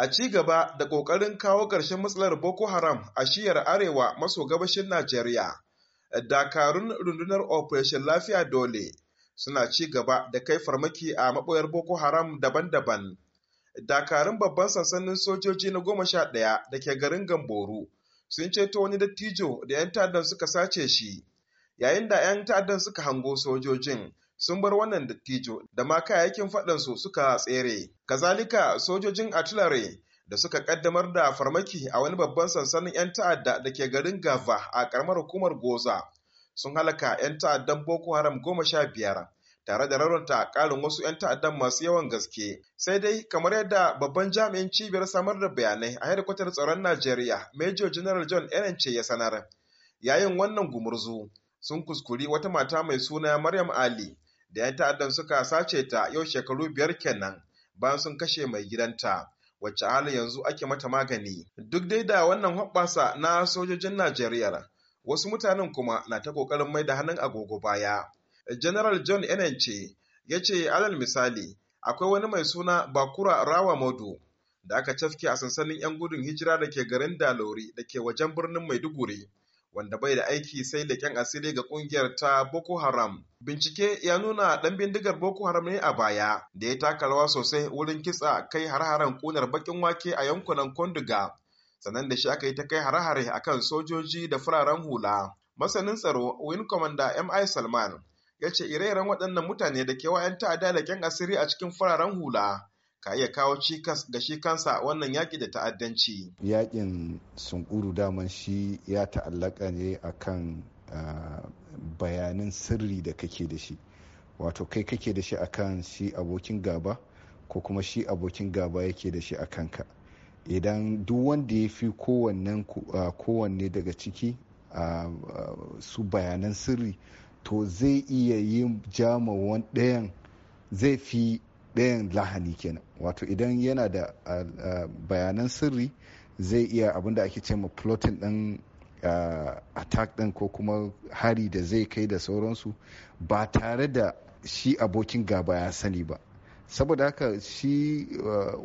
a ci gaba da ƙoƙarin kawo ƙarshen matsalar Boko Haram a shiyar arewa maso gabashin Najeriya. Dakarun rundunar Operation Lafiya Dole suna ci gaba da kai farmaki a maɓoyar Boko Haram daban-daban. Dakarun babban sansanin sojoji na goma sha ɗaya da ke garin Gamboru sun ceto wani dattijo da 'yan ta'addan suka sace shi, yayin da 'yan ta'addan suka hango sojojin sun bar wannan dattijo da ma kayayyakin faɗansu suka tsere. Kazalika sojojin artillery da suka kaddamar da farmaki a wani babban sansanin 'yan ta'adda da ke garin Gava a karamar hukumar Goza sun halaka 'yan ta'addan Boko Haram goma sha biyar tare da rarrunta ƙarin wasu 'yan ta'addan masu yawan gaske. Sai dai kamar yadda babban jami'in cibiyar samar da bayanai a hedikwatar tsaron Najeriya Major General John ce ya sanar. Yayin wannan gumurzu sun kuskuri wata mata mai suna Maryam Ali da 'yan ta'addan suka sace ta yau shekaru biyar kenan bayan sun kashe mai gidanta wacce halin yanzu ake mata magani duk dai da wannan hoɓɓasa na sojojin najeriya wasu mutanen kuma na ta ƙoƙarin mai da hannun agogo baya general john enenche ya ce alal misali akwai wani mai suna bakura rawa modu da aka cafke a sansanin 'yan gudun hijira da ke garin dalori da ke wajen birnin maiduguri wanda bai da aiki sai leken asiri ga ƙungiyar ta Boko Haram. Bincike ya nuna ɗan bindigar Boko Haram ne a baya da ya taka rawa sosai wurin kitsa kai har-haren ƙunar baƙin wake a yankunan Konduga, sannan da shi aka yi ta kai harhare hare kan sojoji da fararen hula. Masanin tsaro Win Commander MI Salman ya ce ire-iren waɗannan mutane da ke 'yan ta'adda da kyan asiri a cikin fararen hula ka iya kawo cikas ga shi kansa wannan yaƙi da ta'addanci. Yaƙin sunkuru daman shi ya ta'allaka ne akan bayanin sirri da kake da shi. Wato kai kake da shi akan shi abokin gaba ko kuma shi abokin gaba yake da shi a ka Idan duk wanda ya fi kowanne daga ciki su bayanan sirri to zai iya yin jama ɗayan zai fi ɗayan lahani kenan wato idan yana da bayanan sirri zai iya abinda ake ce ma plotting ɗin attack ɗin ko kuma hari da zai kai da sauransu ba tare da shi abokin gaba ya sani ba saboda haka shi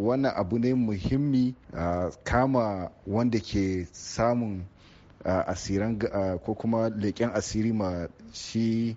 wannan abu ne muhimmi kama wanda ke samun asiran ko kuma leƙen asiri ma shi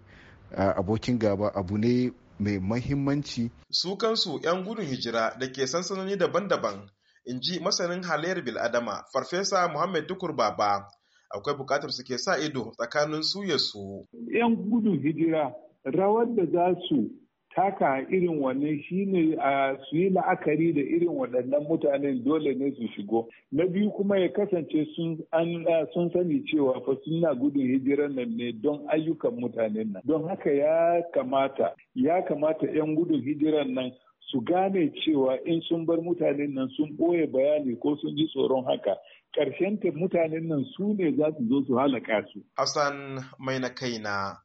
abokin gaba abu ne mai mahimmanci. Su kansu 'yan gudun hijira da ke sansanoni daban-daban, in ji masanin halayyar bil'adama, Farfesa Muhammad Dukur Baba, akwai bukatar su ke sa ido tsakanin su ya su. 'Yan gudun hijira rawar da za su taka irin wannan shine a su yi la'akari da irin waɗannan mutanen dole ne su shigo na biyu kuma ya kasance sun sani cewa fa suna gudun hijiran nan ne don ayyukan mutanen nan don haka ya kamata ya kamata 'yan gudun hijiran nan su gane cewa in sun bar mutanen nan sun ɓoye bayani ko sun ji tsoron haka ƙarshen mutanen nan su ne za su zo su halaka su. Hassan mai na kaina